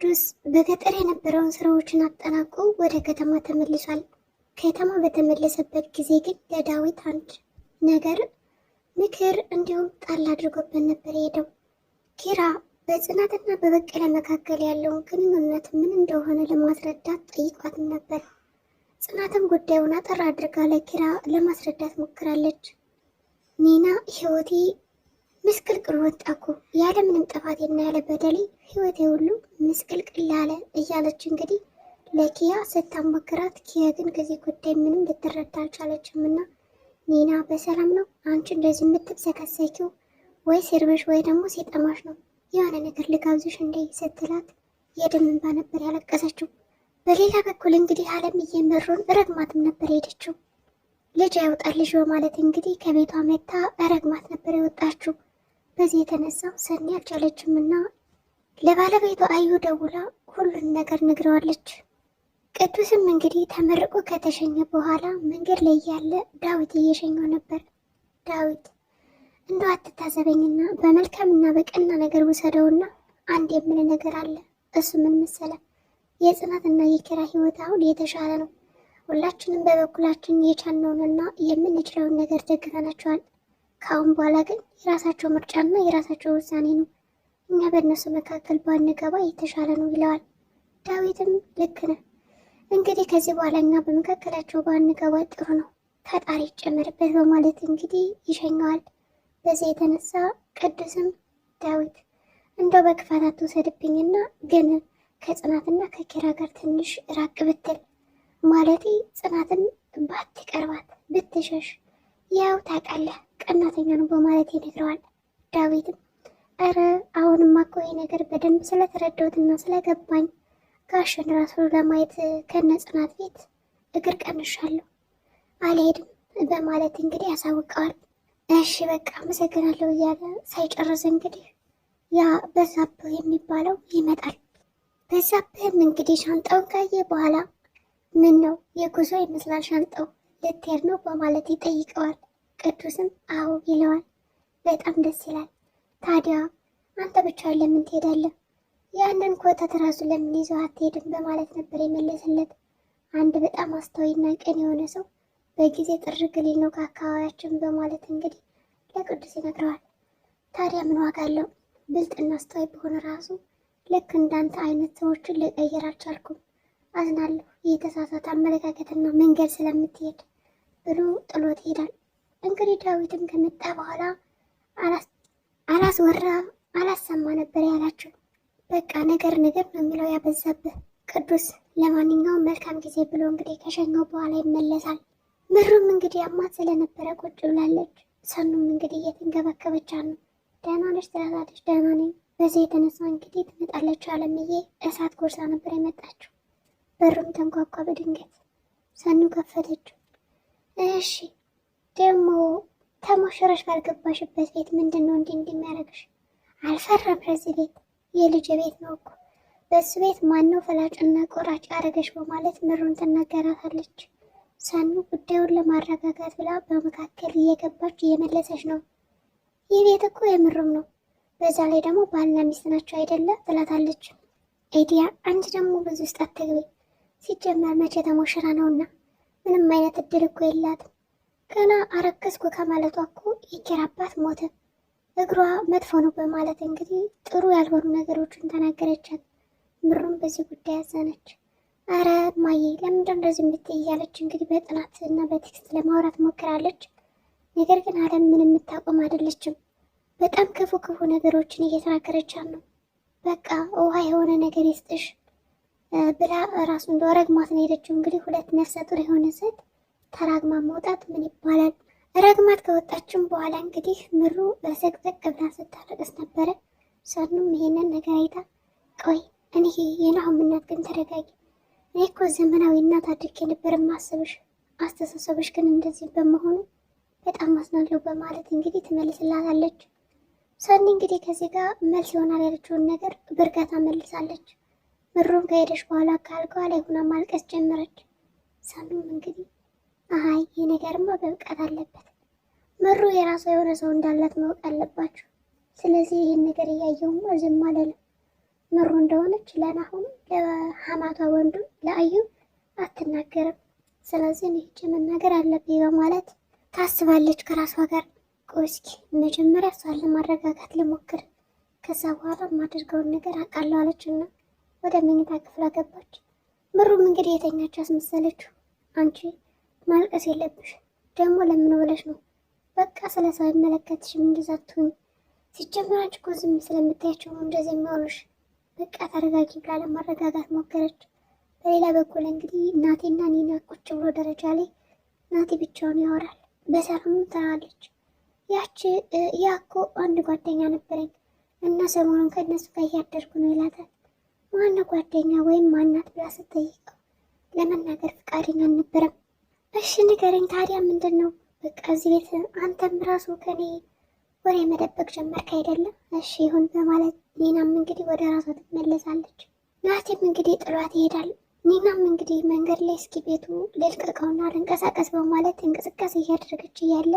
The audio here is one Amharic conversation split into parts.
ቅዱስ በገጠር የነበረውን ስራዎችን አጠናቆ ወደ ከተማ ተመልሷል። ከተማ በተመለሰበት ጊዜ ግን ለዳዊት አንድ ነገር ምክር እንዲሁም ጣል አድርጎበት ነበር የሄደው። ኪራ በጽናትና በበቀለ መካከል ያለውን ግንኙነት ምን እንደሆነ ለማስረዳት ጠይቋት ነበር። ጽናትም ጉዳዩን አጠር አድርጋ ለኪራ ለማስረዳት ሞክራለች። ኒና ህይወቴ ምስቅልቅል ወጣ እኮ ያለ ምንም ጥፋቴና ያለ በደሌ ህይወቴ ሁሉ ምስቅልቅል አለ እያለች እንግዲህ ለኪያ ስታሞክራት ኪያ ግን ከዚህ ጉዳይ ምንም ልትረዳ አልቻለችም። እና ኒና በሰላም ነው አንቺ እንደዚህ የምትብሰከሰኪው ወይ ሲርብሽ ወይ ደግሞ ሲጠማሽ ነው የሆነ ነገር ልጋብዝሽ እንደ ስትላት የደም እንባ ነበር ያለቀሰችው። በሌላ በኩል እንግዲህ አለም እየመሩን ረግማትም ነበር ሄደችው ልጅ ልጅ ማለት እንግዲህ ከቤቷ መታ ረግማት ነበር የወጣችው። በዚህ የተነሳ ሰኒ አልቻለችም እና ለባለቤቱ አዩ ደውላ ሁሉን ነገር ነግረዋለች። ቅዱስም እንግዲህ ተመርቆ ከተሸኘ በኋላ መንገድ ላይ ያለ ዳዊት እየሸኘው ነበር። ዳዊት እንደው አትታዘበኝና በመልካምና በቀና ነገር ውሰደውና አንድ የምን ነገር አለ። እሱ ምን መሰለ? የጽናትና የኪራ ህይወት አሁን የተሻለ ነው። ሁላችንም በበኩላችን የቻልነውንና የምንችለውን ነገር ደግፈናቸዋል። ከአሁን በኋላ ግን የራሳቸው ምርጫና የራሳቸው ውሳኔ ነው፣ እኛ በእነሱ መካከል ባንገባ የተሻለ ነው ይለዋል። ዳዊትም ልክ ነህ፣ እንግዲህ ከዚህ በኋላ እኛ በመካከላቸው ባንገባ ጥሩ ነው፣ ፈጣሪ ይጨመርበት በማለት እንግዲህ ይሸኘዋል። በዚህ የተነሳ ቅዱስም ዳዊት እንደው በክፋት አትውሰድብኝና ግን ከጽናትና ከኪራ ጋር ትንሽ ራቅ ብትል ማለቴ ጽናትን ባትቀርባት ብትሸሽ ያው ታውቃለህ ቀናተኛ ነው በማለት ይነግረዋል። ዳዊትም እረ አሁንማ እኮ ይሄ ነገር በደንብ ስለተረዳሁትና ስለገባኝ ጋሽን ራሱ ለማየት ከነ ጽናት ቤት እግር ቀንሻለሁ አልሄድም በማለት እንግዲህ ያሳውቀዋል። እሺ በቃ አመሰግናለሁ እያለ ሳይጨርስ እንግዲህ ያ በዛብህ የሚባለው ይመጣል። በዛብህም እንግዲህ ሻንጣውን ካየ በኋላ ምን ነው የጉዞ ይመስላል ሻንጣው ልትሄድ ነው በማለት ይጠይቀዋል። ቅዱስም አዎ ይለዋል። በጣም ደስ ይላል። ታዲያ አንተ ብቻህን ለምን ትሄዳለህ? ያንን ኮተት ራሱ ለምን ይዘው አትሄድም? በማለት ነበር የመለሰለት። አንድ በጣም አስተዋይና ቅን የሆነ ሰው በጊዜ ጥርግ ሊል ነው ከአካባቢያችን በማለት እንግዲህ ለቅዱስ ይነግረዋል። ታዲያ ምን ዋጋ አለው? ብልጥና አስተዋይ በሆነ ራሱ ልክ እንዳንተ አይነት ሰዎችን ልቀይር አልቻልኩም። አዝናለሁ የተሳሳተ አመለካከትና መንገድ ስለምትሄድ ብሎ ጥሎት ይሄዳል። እንግዲህ ዳዊትም ከመጣ በኋላ አላስወራ አላሰማ ነበር ያላችሁ። በቃ ነገር ነገር ነው የሚለው ያበዛብህ ቅዱስ። ለማንኛውም መልካም ጊዜ ብሎ እንግዲህ ከሸኘው በኋላ ይመለሳል። ምሩም እንግዲህ አማት ስለነበረ ቁጭ ብላለች። ሰኑም እንግዲህ እየተንገበከበቻ ነው። ደህና ነች ትላታለች። ደህና ነኝ። በዚህ የተነሳ እንግዲህ ትመጣለች አለምዬ እሳት ጎርሳ ነበር የመጣችው። በሩም ተንኳኳ በድንገት ሰኑ ከፈተችው። እሺ ደግሞ ተሞሸረሽ ባልገባሽበት ቤት ምንድን ነው እንዲህ እንዲህ አልፈራም። ከዚህ ቤት የልጅ ቤት ነው እኮ በሱ ቤት ማነው ፈላጭና ቆራጭ አደረገሽ በማለት ምሩን ትናገራታለች። ሰኑ ጉዳዩን ለማረጋጋት ብላ በመካከል እየገባች እየመለሰች ነው። ይህ ቤት እኮ የምሩም ነው፣ በዛ ላይ ደግሞ ባልና ሚስት ናቸው አይደለ ትላታለች። ኤዲያ አንቺ ደግሞ ብዙ ውስጥ አትግቢ፣ ሲጀመር መቼ ተሞሽራ ነውና ምንም አይነት እድል እኮ የላትም። ገና አረከስኩ ከማለቷ እኮ የኪራ አባት ሞተ። እግሯ መጥፎ ነው በማለት እንግዲህ ጥሩ ያልሆኑ ነገሮችን ተናገረቻት። ምሩም በዚህ ጉዳይ አዘነች። አረ ማዬ ለምንድን እንደዚህ የምትይ እያለች እንግዲህ በጥናት እና በቴክስት ለማውራት ሞክራለች። ነገር ግን አለም ምን የምታቆም አይደለችም። በጣም ክፉ ክፉ ነገሮችን እየተናገረቻት ነው። በቃ ውሃ የሆነ ነገር ይስጥሽ ብላ ራሱን ረግማት ነው የሄደችው። እንግዲህ ሁለት ነፍሰ ጡር የሆነ ሴት ተራግማ መውጣት ምን ይባላል? ረግማት ከወጣችም በኋላ እንግዲህ ምሩ በሰቅዘቅ ብላ ስታለቅስ ነበረ። ሰኑም ይሄንን ነገር አይታ ቆይ እኔ የናሁም እናት ግን ተረጋጊ፣ እኔ እኮ ዘመናዊ እናት አድርጌ ነበር ማስብሽ፣ አስተሳሰብሽ ግን እንደዚህ በመሆኑ በጣም አዝናለሁ በማለት እንግዲህ ትመልስላታለች። ሰኒ እንግዲህ ከዚህ ጋር መልስ ይሆናል ያለችውን ነገር በእርጋታ መልሳለች። ምሩም ከሄደች በኋላ ካልጋ ላይ ሆና ማልቀስ ጀመረች። ሳኑም እንግዲህ አይ ይህ ነገርማ መብቃት አለበት፣ ምሩ የራሷ የሆነ ሰው እንዳላት ማወቅ አለባቸው። ስለዚህ ይህን ነገር እያየውማ ዝም አልልም። ምሩ እንደሆነች ለናሁም፣ ለሀማቷ ወንዱ፣ ለአዩ አትናገርም። ስለዚህ ይህች መናገር አለብኝ በማለት ታስባለች ከራሷ ጋር። ቆስኪ መጀመሪያ እሷን ለማረጋጋት ልሞክር፣ ከዛ በኋላ የማደርገውን ነገር አውቃለሁ አለችና ወደ መኝታ ክፍል አገባች። ብሩም እንግዲህ የተኛች አስመሰለችው። አንቺ ማልቀስ የለብሽ ደግሞ ለምን ብለሽ ነው? በቃ ስለ ሰው አይመለከትሽም። እንደዛ ትሁኝ እኮ ዝም ስለምታያቸው ነው እንደዚህ የሚሆኑሽ። በቃ ተረጋጊ ብላ ለማረጋጋት ሞከረች። በሌላ በኩል እንግዲህ እናቴና ኒና ቁጭ ብሎ ደረጃ ላይ እናቴ ብቻውን ያወራል። በሰላም ትላለች። ያቺ ያኮ አንድ ጓደኛ ነበረኝ እና ሰሞኑን ከእነሱ ጋር እያደርኩ ነው ይላታል። ማነው ጓደኛ ወይም ማናት ብላ ስትጠይቀው ለመናገር ፈቃደኛ አልነበረም። እሺ ንገረኝ ታዲያ ምንድን ነው? በቃ እዚህ ቤት አንተም ራሱ ከኔ ወሬ መደበቅ ጀመርክ አይደለም? እሺ ይሁን በማለት ኒናም እንግዲህ ወደ ራሷ ትመለሳለች። ናቲም እንግዲህ ጥሏት ይሄዳል። ኒናም እንግዲህ መንገድ ላይ እስኪ ቤቱ ልልቀቀውና ልንቀሳቀስ በማለት እንቅስቃሴ እያደረገች እያለ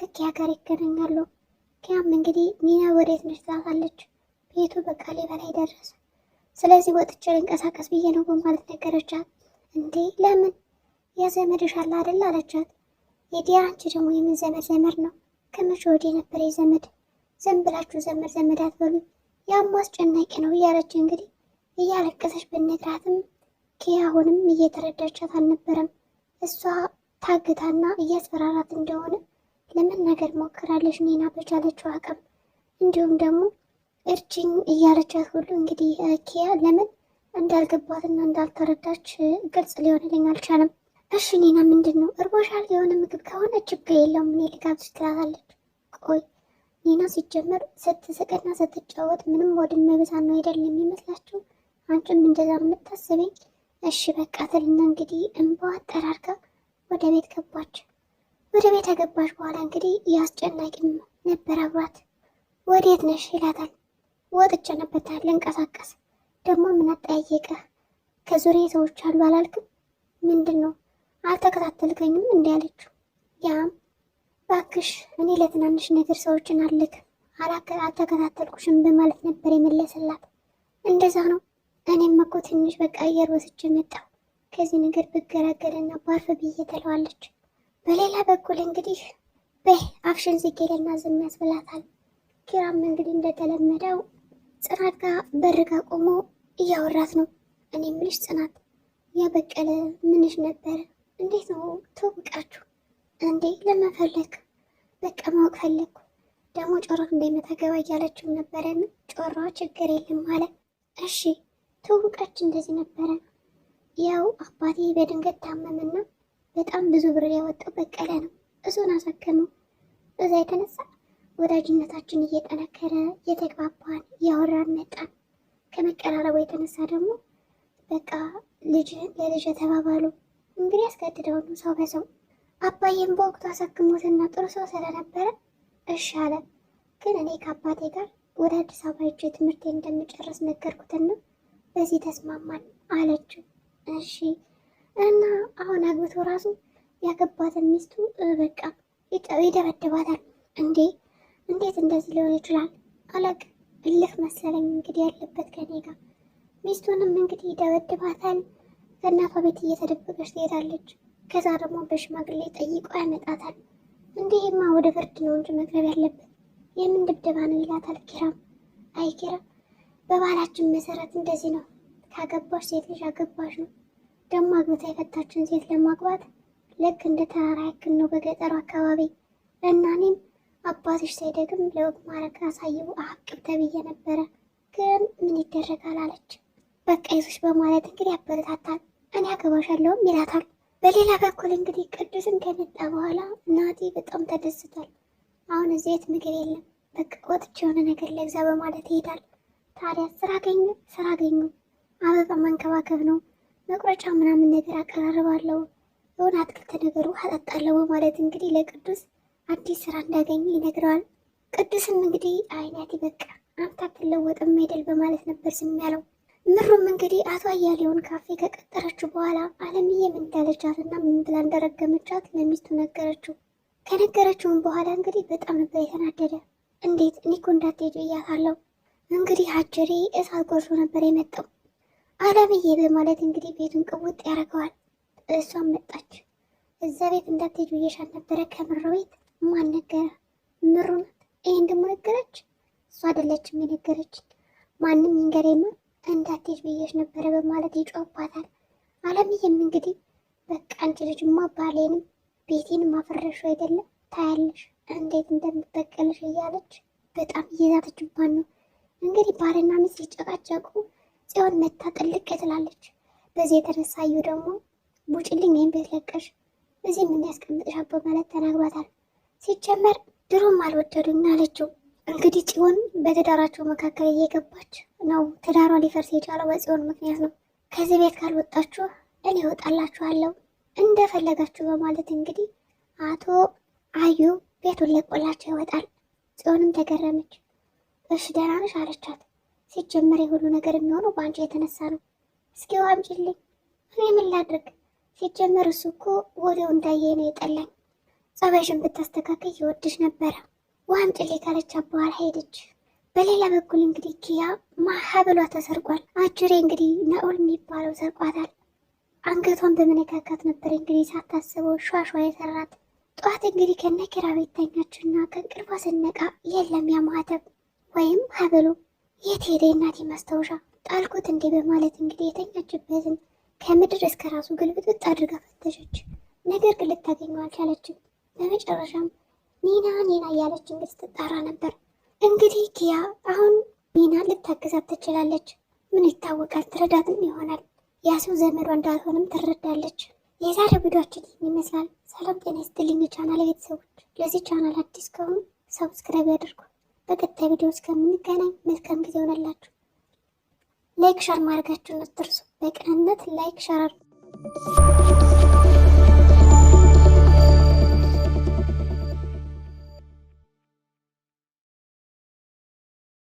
ከኪያ ጋር ይገናኛሉ። ኪያም እንግዲህ ኒና ወዴት ነች ትላታለች። ቤቱ በቃ ሌበላይ ደረሰ። ስለዚህ ወጥቼ ልንቀሳቀስ ብዬ ነው በማለት ነገረቻት። እንዴ ለምን የዘመድሽ አለ አይደል አለቻት። የዲያ አንቺ ደግሞ የምን ዘመድ ዘመድ ነው? ከመቼ ወዲህ ነበር የዘመድ ዝም ብላችሁ ዘመድ ዘመድ አትበሉ፣ ያም አስጨናቂ ነው እያለች እንግዲህ እያለቀሰች ብነግራትም ኪያ አሁንም እየተረዳቻት አልነበረም። እሷ ታግታና እያስፈራራት እንደሆነ ለመናገር ሞክራለች ኔና በቻለችው አቅም እንዲሁም ደግሞ እርጅኝ እያለቻት ሁሉ እንግዲህ ኪያ ለምን እንዳልገባትና እንዳልተረዳች ግልጽ ሊሆንልኝ አልቻለም። እሺ ኒና ምንድን ነው እርቦሻል? የሆነ ምግብ ከሆነ ችግር የለውም እኔ ልጋብዝሽ ትላታለች። ቆይ ኒና ሲጀመር ስትስቅና ስትጫወት ምንም ወድን ብዛ ነው አይደል የሚመስላችሁ? አንቺም እንደዛ የምታስበኝ? እሺ በቃ ትልና እንግዲህ እንባዋ አጠራርጋ ወደ ቤት ገባች። ወደ ቤት ከገባች በኋላ እንግዲህ ያስጨናቂ ነበር አብሯት። ወዴት ነሽ ይላታል። ወጥቼ ነበር ልንቀሳቀስ። ደግሞ ምን አጠያየቀ? ከዙሪያ ሰዎች አሉ አላልክም? ምንድን ነው አልተከታተልከኝም? እንዲህ አለችው። ያም ባክሽ እኔ ለትናንሽ ነገር ሰዎችን አልክ አልተከታተልኩሽም በማለት ነበር የመለሰላት። እንደዛ ነው። እኔም እኮ ትንሽ በቃ አየር ወስጄ መጣሁ ከዚህ ነገር ብገላገልና ባርፍ ብዬ ትለዋለች። በሌላ በኩል እንግዲህ በይ አፍሽን ዝጌልና ዝም ያስብላታል። ኪራም እንግዲህ እንደተለመደው ጽናት ጋር በርጋ ቆሞ እያወራት ነው። እኔ ምልሽ ጽናት፣ ያበቀለ ምንሽ ነበረ? እንዴት ነው ተውቃችሁ እንዴ? ለመፈለግ በቃ ማወቅ ፈለግኩ። ደግሞ ጮራ እንደምታገባ እያለችው ነበረን። ጮራ ችግር የለም አለ። እሺ ትውቃችን እንደዚህ ነበረ። ያው አባቴ በድንገት ታመመና በጣም ብዙ ብር ያወጣው በቀለ ነው። እሱን አሳከመው። በዛ የተነሳ ወዳጅነታችን እየጠነከረ እየተግባባን እያወራን መጣን። ከመቀራረቡ የተነሳ ደግሞ በቃ ልጅ ለልጅ ተባባሉ። እንግዲህ ያስገድደው ሰው በሰው አባዬም በወቅቱ አሳክሞትና ጥሩ ሰው ስለነበረ እሺ አለ። ግን እኔ ከአባቴ ጋር ወደ አዲስ አበባ ሄጄ ትምህርቴን እንደምጨርስ ነገርኩትና በዚህ ተስማማን አለችው። እሺ እና አሁን አግብቶ ራሱ ያገባትን ሚስቱ በቃ ይደበድባታል እንዴ እንዴት እንደዚህ ሊሆን ይችላል? አለቅ ብልህ መሰለኝ እንግዲህ ያለበት ከኔ ጋር። ሚስቱንም እንግዲህ ደበድባታል። ከእናቷ ቤት እየተደበቀች ትሄዳለች። ከዛ ደግሞ በሽማግሌ ጠይቆ ያመጣታል። እንዲህማ ወደ ፍርድ ነው እንጂ መቅረብ ያለበት የምን ድብደባ ነው ይላታል ኪራም። አይ ኪራ፣ በባህላችን መሰረት እንደዚህ ነው። ካገባሽ ሴት ልጅ አገባሽ ነው። ደግሞ አግብታ የፈታችን ሴት ለማግባት ልክ እንደ ተራራ ያክል ነው በገጠሩ አካባቢ እና እኔም አባትሽ ሳይደግም ለወግ ማረግ አሳየው አቅብ ተብዬ ነበረ፣ ግን ምን ይደረጋል አለች። በቃ ይዞች በማለት እንግዲህ ያበረታታል። እኔ አገባሻለሁም ይላታል። በሌላ በኩል እንግዲህ ቅዱስን ከመጣ በኋላ ናቲ በጣም ተደስቷል። አሁን እዚህ የት ምግብ የለም፣ በቃ ወጥቼ የሆነ ነገር ለግዛ በማለት ይሄዳል። ታዲያ ስራ አገኙ ስራ አገኙ፣ አበባ መንከባከብ ነው መቁረጫ ምናምን ነገር አቀራርባለሁ፣ የሆነ አትክልት ነገሩ አጠጣለሁ በማለት እንግዲህ ለቅዱስ አዲስ ስራ እንዳገኘ ይነግረዋል። ቅዱስም እንግዲህ አይነት በቃ አንተ አትለወጥም አይደል በማለት ነበር ዝም ያለው። ምሩም እንግዲህ አቶ አያሌውን ካፌ ከቀጠረችው በኋላ አለምዬ ምን እንዳለቻት እና ምን ብላ እንደረገመቻት ለሚስቱ ነገረችው። ከነገረችውም በኋላ እንግዲህ በጣም ነበር የተናደደ። እንዴት እኔ እኮ እንዳትሄዱ እያታለው እንግዲህ አጀሬ እሳት ጎርሶ ነበር የመጣው አለምዬ በማለት እንግዲህ ቤቱን ቅውጥ ያደርገዋል። እሷም መጣች። እዛ ቤት እንዳትሄዱ እየሻል ነበረ ከምሮ ቤት ማን ነገረ? ምሩ ናት። ይሄን ደግሞ ነገረች። እሱ አይደለችም የነገረችን። ማንም ይንገሬማ እንዳትሄድ ብዬሽ ነበረ በማለት ይጮባታል። አለምዬም እንግዲህ በቃ አንቺ ልጅማ ባሌንም ቤቴንም አፈረሹ አይደለም ታያለሽ እንዴት እንደምበቀልሽ እያለች በጣም እየዛተችባን ነው። እንግዲህ ባልና ሚስት ሲጨቃጨቁ ጽዮን መታ ጥልቅ ትላለች። በዚህ የተነሳዩ ደግሞ ቡጭልኝ ወይም ቤት ለቀሽ እዚህ ምን ያስቀምጥሻል በማለት ተናግሯታል። ሲጀመር ድሮም አልወደዱኝ አለችው። እንግዲህ ጽዮን በትዳራቸው መካከል እየገባች ነው። ትዳሯ ሊፈርስ የቻለው በጽዮን ምክንያት ነው። ከዚህ ቤት ካልወጣችሁ እኔ እወጣላችኋለሁ እንደፈለጋችሁ በማለት እንግዲህ አቶ አዩ ቤቱን ለቆላቸው ይወጣል። ጽዮንም ተገረመች። እሺ ደህና ነሽ አለቻት። ሲጀመር የሁሉ ነገር የሚሆነው በአንቺ የተነሳ ነው። እስኪ ዋምጭልኝ፣ እኔ ምን ላድርግ? ሲጀመር እሱ እኮ ወዲያው እንዳየ ነው የጠላኝ ጸባይሽን ብታስተካከል ይወድሽ ነበረ። ውሃም ጭሌ ካለቻ በኋላ ሄደች። በሌላ በኩል እንግዲህ ኪያ ሀብሏ ተሰርቋል። አጁሬ እንግዲህ ነኦል የሚባለው ሰርቋታል። አንገቷን በመነካካት ነበር እንግዲህ ሳታስበው ሿሿ የሰራት። ጠዋት እንግዲህ ከነ ኪራ ቤት ተኛችና ከእንቅልፏ ስነቃ የለም ያማተብ ወይም ሀብሉ የት ሄደ? እናቴ ማስታወሻ ጣልኩት እንዴ በማለት እንግዲህ የተኛችበትን ከምድር እስከ ራሱ ግልብጥጥ አድርጋ ፈተሸች። ነገር ግን ልታገኘው አልቻለችም። በመጨረሻም ኒና ኒና እያለች እንግዲህ ስትጣራ ነበር። እንግዲህ ኪያ አሁን ኒና ልታግዛት ትችላለች። ምን ይታወቃል፣ ትረዳትም ይሆናል። ያ ሰው ዘመዷ እንዳልሆንም ትረዳለች። የዛሬ ቪዲዮችን ይመስላል። ሰላም ጤና ይስጥልኝ ቻናል ቤተሰቦች። ለዚህ ቻናል አዲስ ከሆኑ ሰብስክራይብ ያድርጉ። በቀጣይ ቪዲዮ እስከምንገናኝ መልካም ጊዜ ሆነላችሁ። ላይክ ሸር ማድረጋችሁን አትርሱ። በቅንነት ላይክ ሸር